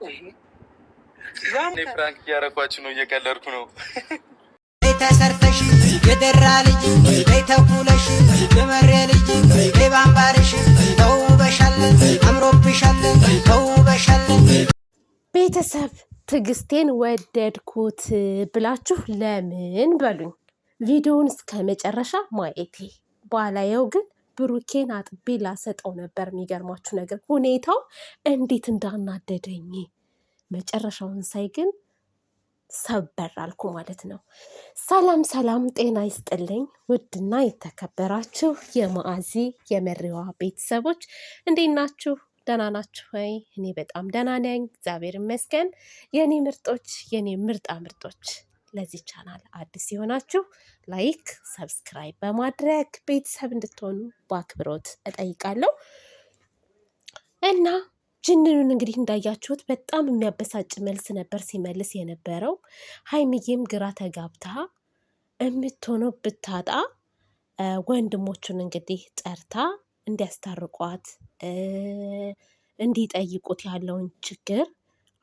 ፕራንክ እያደረኳችሁ ነው፣ እየቀለድኩ ነው። ተሰርተሽ የደራ ልጅ ተኩለሽ የመሬ ልጅ ባንባርሽ ተውበሻለን፣ አምሮብሻለን፣ ተውበሻለን። ቤተሰብ ትዕግስቴን ወደድኩት ብላችሁ ለምን በሉኝ። ቪዲዮውን እስከ መጨረሻ ማየቴ በኋላየው ግን ብሩኬን አጥቤ ላሰጠው ነበር። የሚገርማችሁ ነገር ሁኔታው እንዴት እንዳናደደኝ መጨረሻውን ሳይ ግን ሰበር አልኩ ማለት ነው። ሰላም ሰላም፣ ጤና ይስጥልኝ ውድና የተከበራችሁ የማአዚ የመሪዋ ቤተሰቦች እንዴት ናችሁ? ደህና ናችሁ ወይ? እኔ በጣም ደህና ነኝ፣ እግዚአብሔር ይመስገን። የእኔ ምርጦች፣ የእኔ ምርጣ ምርጦች ለዚህ ቻናል አዲስ የሆናችሁ ላይክ፣ ሰብስክራይብ በማድረግ ቤተሰብ እንድትሆኑ በአክብሮት እጠይቃለሁ እና ጅንኑን እንግዲህ እንዳያችሁት በጣም የሚያበሳጭ መልስ ነበር ሲመልስ የነበረው። ሀይሚዬም ግራ ተጋብታ የምትሆነው ብታጣ ወንድሞቹን እንግዲህ ጠርታ እንዲያስታርቋት እንዲጠይቁት ያለውን ችግር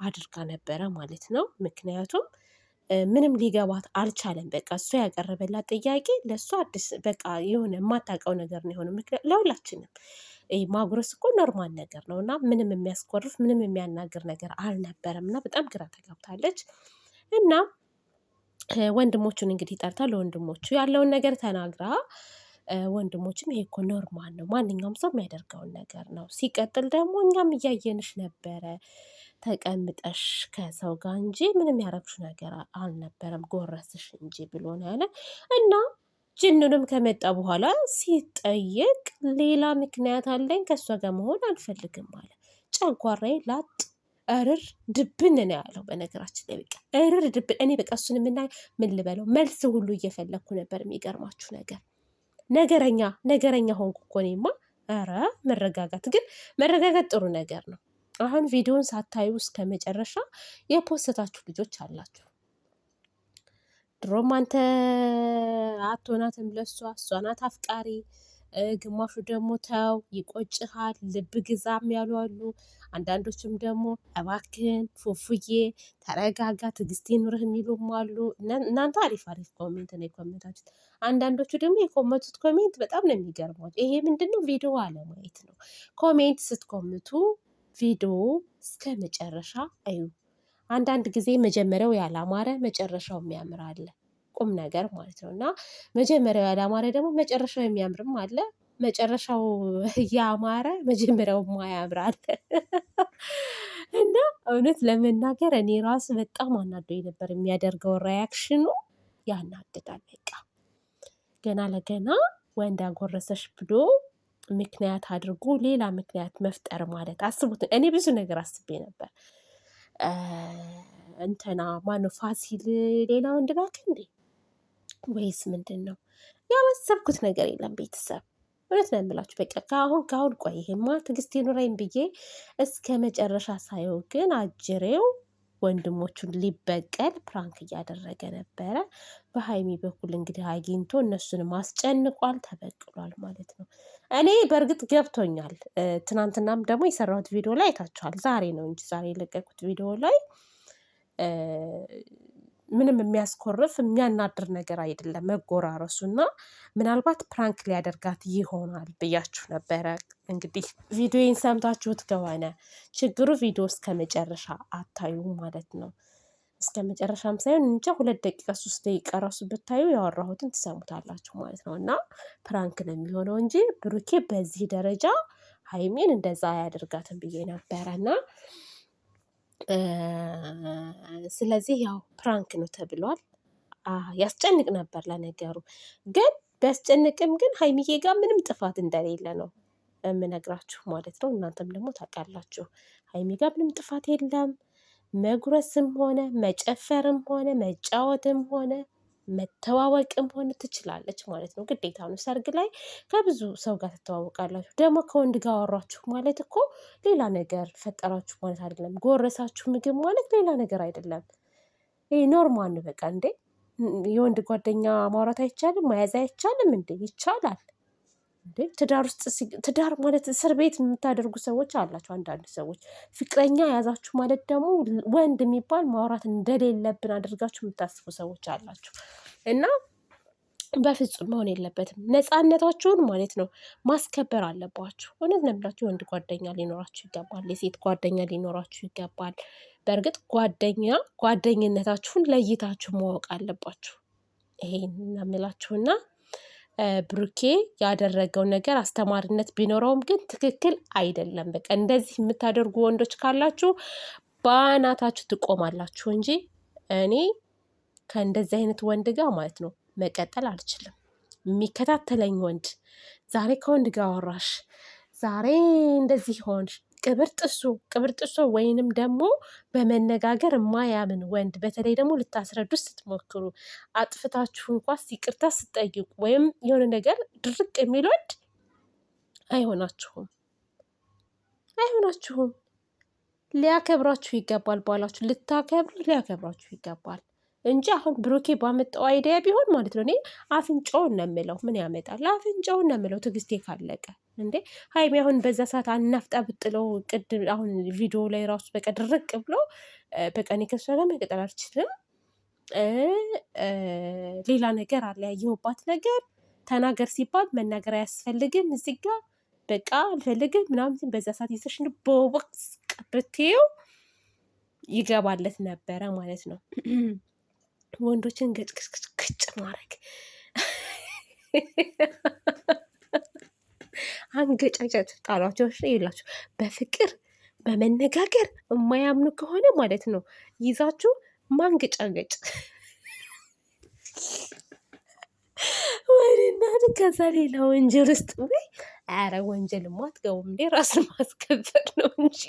አድርጋ ነበረ ማለት ነው። ምክንያቱም ምንም ሊገባት አልቻለም። በቃ እሱ ያቀረበላት ጥያቄ ለእሱ አዲስ በቃ የሆነ የማታውቀው ነገር ነው የሆነ ምክንያት ለሁላችንም ማጉረስ እኮ ኖርማል ነገር ነው እና ምንም የሚያስኮርፍ ምንም የሚያናግር ነገር አልነበረም እና በጣም ግራ ተጋብታለች እና ወንድሞቹን እንግዲህ ጠርታ ለወንድሞቹ ያለውን ነገር ተናግራ ወንድሞችም ይሄ እኮ ኖርማል ነው፣ ማንኛውም ሰው የሚያደርገውን ነገር ነው። ሲቀጥል ደግሞ እኛም እያየንሽ ነበረ ተቀምጠሽ ከሰው ጋር እንጂ ምንም ያረግሹ ነገር አልነበረም፣ ጎረስሽ እንጂ ብሎ ነው ያለ እና ጅኑንም ከመጣ በኋላ ሲጠየቅ ሌላ ምክንያት አለኝ ከእሷ ጋር መሆን አልፈልግም አለ። ጨጓራዬ ላጥ እርር ድብን ነው ያለው። በነገራችን ላይ በቃ እርር ድብን። እኔ በቃ እሱን የምናይ ምን ልበለው መልስ ሁሉ እየፈለግኩ ነበር። የሚገርማችሁ ነገር ነገረኛ ነገረኛ ሆንኩ እኮ እኔማ። ኧረ መረጋጋት ግን መረጋጋት ጥሩ ነገር ነው። አሁን ቪዲዮን ሳታዩ እስከ መጨረሻ የፖስታችሁ ልጆች አላችሁ። ድሮም አንተ አትሆናትም ለሷ እሷ ናት አፍቃሪ። ግማሹ ደግሞ ተው ይቆጭሃል፣ ልብ ግዛም ያሉ አሉ። አንዳንዶችም ደግሞ እባክህን ፉፉዬ ተረጋጋ፣ ትዕግስት ይኑርህ የሚሉም አሉ። እናንተ አሪፍ አሪፍ ኮሜንት ነው የኮሜንታችሁት። አንዳንዶቹ ደግሞ የኮመቱት ኮሜንት በጣም ነው የሚገርመው። ይሄ ምንድነው? ቪዲዮ አለማየት ነው። ኮሜንት ስትኮምቱ ቪዲዮ እስከ መጨረሻ አዩ። አንዳንድ ጊዜ መጀመሪያው ያላማረ መጨረሻው የሚያምር አለ፣ ቁም ነገር ማለት ነው። እና መጀመሪያው ያላማረ ደግሞ መጨረሻው የሚያምርም አለ፣ መጨረሻው ያማረ መጀመሪያው ማያምር አለ። እና እውነት ለመናገር እኔ ራስ በጣም አናዶኝ ነበር። የሚያደርገው ሪያክሽኑ ያናድዳል። በቃ ገና ለገና ወንድ አጎረሰሽ ብሎ ምክንያት አድርጎ ሌላ ምክንያት መፍጠር ማለት አስቡት። እኔ ብዙ ነገር አስቤ ነበር። እንትና ማነው ፋሲል ሌላ ወንድ ላክ እንዴ ወይስ ምንድን ነው? ያላሰብኩት ነገር የለም ቤተሰብ እውነት ነው የምላችሁ። በቃ ከአሁን ከአሁን ቆይ ይሄማ ትዕግስት ይኑረኝ ብዬ እስከ መጨረሻ ሳየው ግን አጅሬው ወንድሞቹን ሊበቀል ፕራንክ እያደረገ ነበረ። በሀይሚ በኩል እንግዲህ አግኝቶ እነሱንም አስጨንቋል፣ ተበቅሏል ማለት ነው። እኔ በእርግጥ ገብቶኛል። ትናንትናም ደግሞ የሰራሁት ቪዲዮ ላይ አይታችኋል። ዛሬ ነው እንጂ ዛሬ የለቀቁት ቪዲዮ ላይ ምንም የሚያስኮርፍ የሚያናድር ነገር አይደለም እና ምናልባት ፕራንክ ሊያደርጋት ይሆናል ብያችሁ ነበረ። እንግዲህ ቪዲዮን ሰምታችሁት ከሆነ ችግሩ ቪዲዮ እስከ መጨረሻ አታዩ ማለት ነው። እስከ መጨረሻም ሳይሆን እንጃ ሁለት ደቂቃ ሶስት ደቂቃ ራሱ ብታዩ ያወራሁትን ትሰሙታላችሁ ማለት ነው። እና ፕራንክ ነው የሚሆነው እንጂ ብሩኬ በዚህ ደረጃ ሀይሜን እንደዛ አያደርጋትም ብዬ ነበረ እና ስለዚህ ያው ፕራንክ ነው ተብሏል። ያስጨንቅ ነበር ለነገሩ ግን ቢያስጨንቅም ግን ሀይሚዬ ጋር ምንም ጥፋት እንደሌለ ነው የምነግራችሁ ማለት ነው። እናንተም ደግሞ ታውቃላችሁ ሀይሚ ጋር ምንም ጥፋት የለም። መጉረስም ሆነ መጨፈርም ሆነ መጫወትም ሆነ መተዋወቅም ሆነ ትችላለች ማለት ነው። ግዴታ ነው ሰርግ ላይ ከብዙ ሰው ጋር ትተዋወቃላችሁ። ደግሞ ከወንድ ጋር አወራችሁ ማለት እኮ ሌላ ነገር ፈጠራችሁ ማለት አይደለም። ጎረሳችሁ ምግብ ማለት ሌላ ነገር አይደለም። ይህ ኖርማል በቃ እንዴ! የወንድ ጓደኛ ማውራት አይቻልም? መያዝ አይቻልም እንዴ? ይቻላል ትዳር ውስጥ ትዳር ማለት እስር ቤት የምታደርጉ ሰዎች አላቸው። አንዳንድ ሰዎች ፍቅረኛ ያዛችሁ ማለት ደግሞ ወንድ የሚባል ማውራት እንደሌለብን አድርጋችሁ የምታስቡ ሰዎች አላችሁ እና በፍጹም መሆን የለበትም። ነፃነታችሁን ማለት ነው ማስከበር አለባችሁ። እውነት ነው የምላችሁ። የወንድ ጓደኛ ሊኖራችሁ ይገባል። የሴት ጓደኛ ሊኖራችሁ ይገባል። በእርግጥ ጓደኛ ጓደኝነታችሁን ለይታችሁ ማወቅ አለባችሁ። ይሄን ነው ብሩኬ ያደረገው ነገር አስተማሪነት ቢኖረውም ግን ትክክል አይደለም። በቃ እንደዚህ የምታደርጉ ወንዶች ካላችሁ በአናታችሁ ትቆማላችሁ እንጂ እኔ ከእንደዚህ አይነት ወንድ ጋር ማለት ነው መቀጠል አልችልም። የሚከታተለኝ ወንድ ዛሬ ከወንድ ጋር አወራሽ፣ ዛሬ እንደዚህ ሆንሽ፣ ቅብር ጥሶ ወይንም ደግሞ በመነጋገር የማያምን ወንድ በተለይ ደግሞ ልታስረዱ ስትሞክሩ አጥፍታችሁ እንኳ ይቅርታ ስትጠይቁ ወይም የሆነ ነገር ድርቅ የሚል ወንድ አይሆናችሁም አይሆናችሁም። ሊያከብራችሁ ይገባል። ባላችሁ ልታከብሩ ሊያከብራችሁ ይገባል። እንጂ አሁን ብሩኬ ባመጣው አይዲያ ቢሆን ማለት ነው እኔ አፍንጫውን ነው የምለው። ምን ያመጣል አፍንጫውን ነው የምለው። ትዕግስቴ ካለቀ እንዴ ሀይሚ አሁን በዛ ሰዓት አናፍጣ ብጥለው ቅድም አሁን ቪዲዮ ላይ ራሱ በቃ ድርቅ ብሎ በቃ እኔ ከእሷ ጋር መቀጠል አልችልም። ሌላ ነገር አለ ያየሁባት ነገር ተናገር ሲባል መናገር አያስፈልግም። እዚህ ጋር በቃ አልፈልግም ምናምን በዛ ሰዓት ይዘሽን በወቅት ብትይው ይገባለት ነበረ ማለት ነው። ወንዶችን ገጭቅስቅስ ክጭ ማድረግ አንገጫጨት ጣሏቸው። እሺ ይላችሁ በፍቅር በመነጋገር የማያምኑ ከሆነ ማለት ነው ይዛችሁ ማንገጫገጭ ወይናት ከዛ ሌላ ወንጀል ውስጥ ወይ አረ ወንጀልማ አትገቡም እንዴ ራስ ማስከበር ነው እንጂ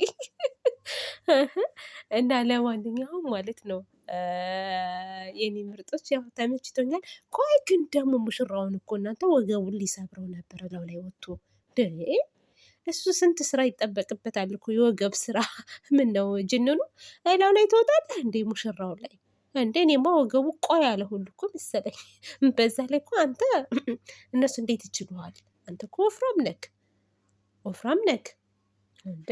እና ለማንኛውም ማለት ነው የኔ ምርጦች ያው ተመችቶኛል። ቆይ ግን ደግሞ ሙሽራውን እኮ እናንተ ወገቡን ሊሰብረው ነበረ ለው ላይ ወጥቶ እሱ ስንት ስራ ይጠበቅበታል እኮ የወገብ ስራ። ምን ነው ጅንኑ ላው ላይ ትወጣለህ እንዴ? ሙሽራው ላይ እንዴ? እኔማ ወገቡ ቆይ ያለ ሁሉ እኮ መሰለኝ። በዛ ላይ እኮ አንተ እነሱ እንዴት ይችሉሃል? አንተ እኮ ወፍራም ነክ ወፍራም ነክ እንዴ?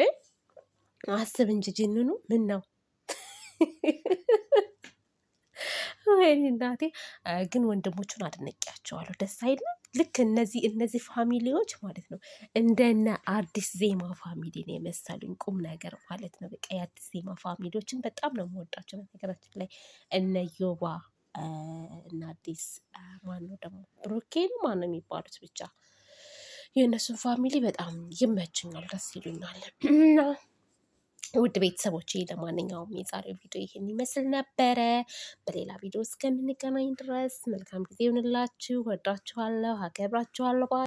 አስብ እንጂ ጅንኑ ምን ነው ወይኔ እናቴ ግን ወንድሞቹን አድንቄያቸዋለሁ። ደስ አይልም? ልክ እነዚህ እነዚህ ፋሚሊዎች ማለት ነው እንደነ አዲስ ዜማ ፋሚሊ ነው የመሰሉኝ ቁም ነገር ማለት ነው። በቃ የአዲስ ዜማ ፋሚሊዎችን በጣም ነው የምወዳቸው። በነገራችን ላይ እነ ዮባ እና አዲስ ማነው ደግሞ ብሩኬን ማነው የሚባሉት ብቻ የእነሱን ፋሚሊ በጣም ይመችኛል፣ ደስ ይሉኛል እና ውድ ቤተሰቦች ለማንኛውም የዛሬው ቪዲዮ ይህን ይመስል ነበረ። በሌላ ቪዲዮ እስከምንገናኝ ድረስ መልካም ጊዜ ይሁንላችሁ። ወዳችኋለሁ፣ አከብራችኋለሁ።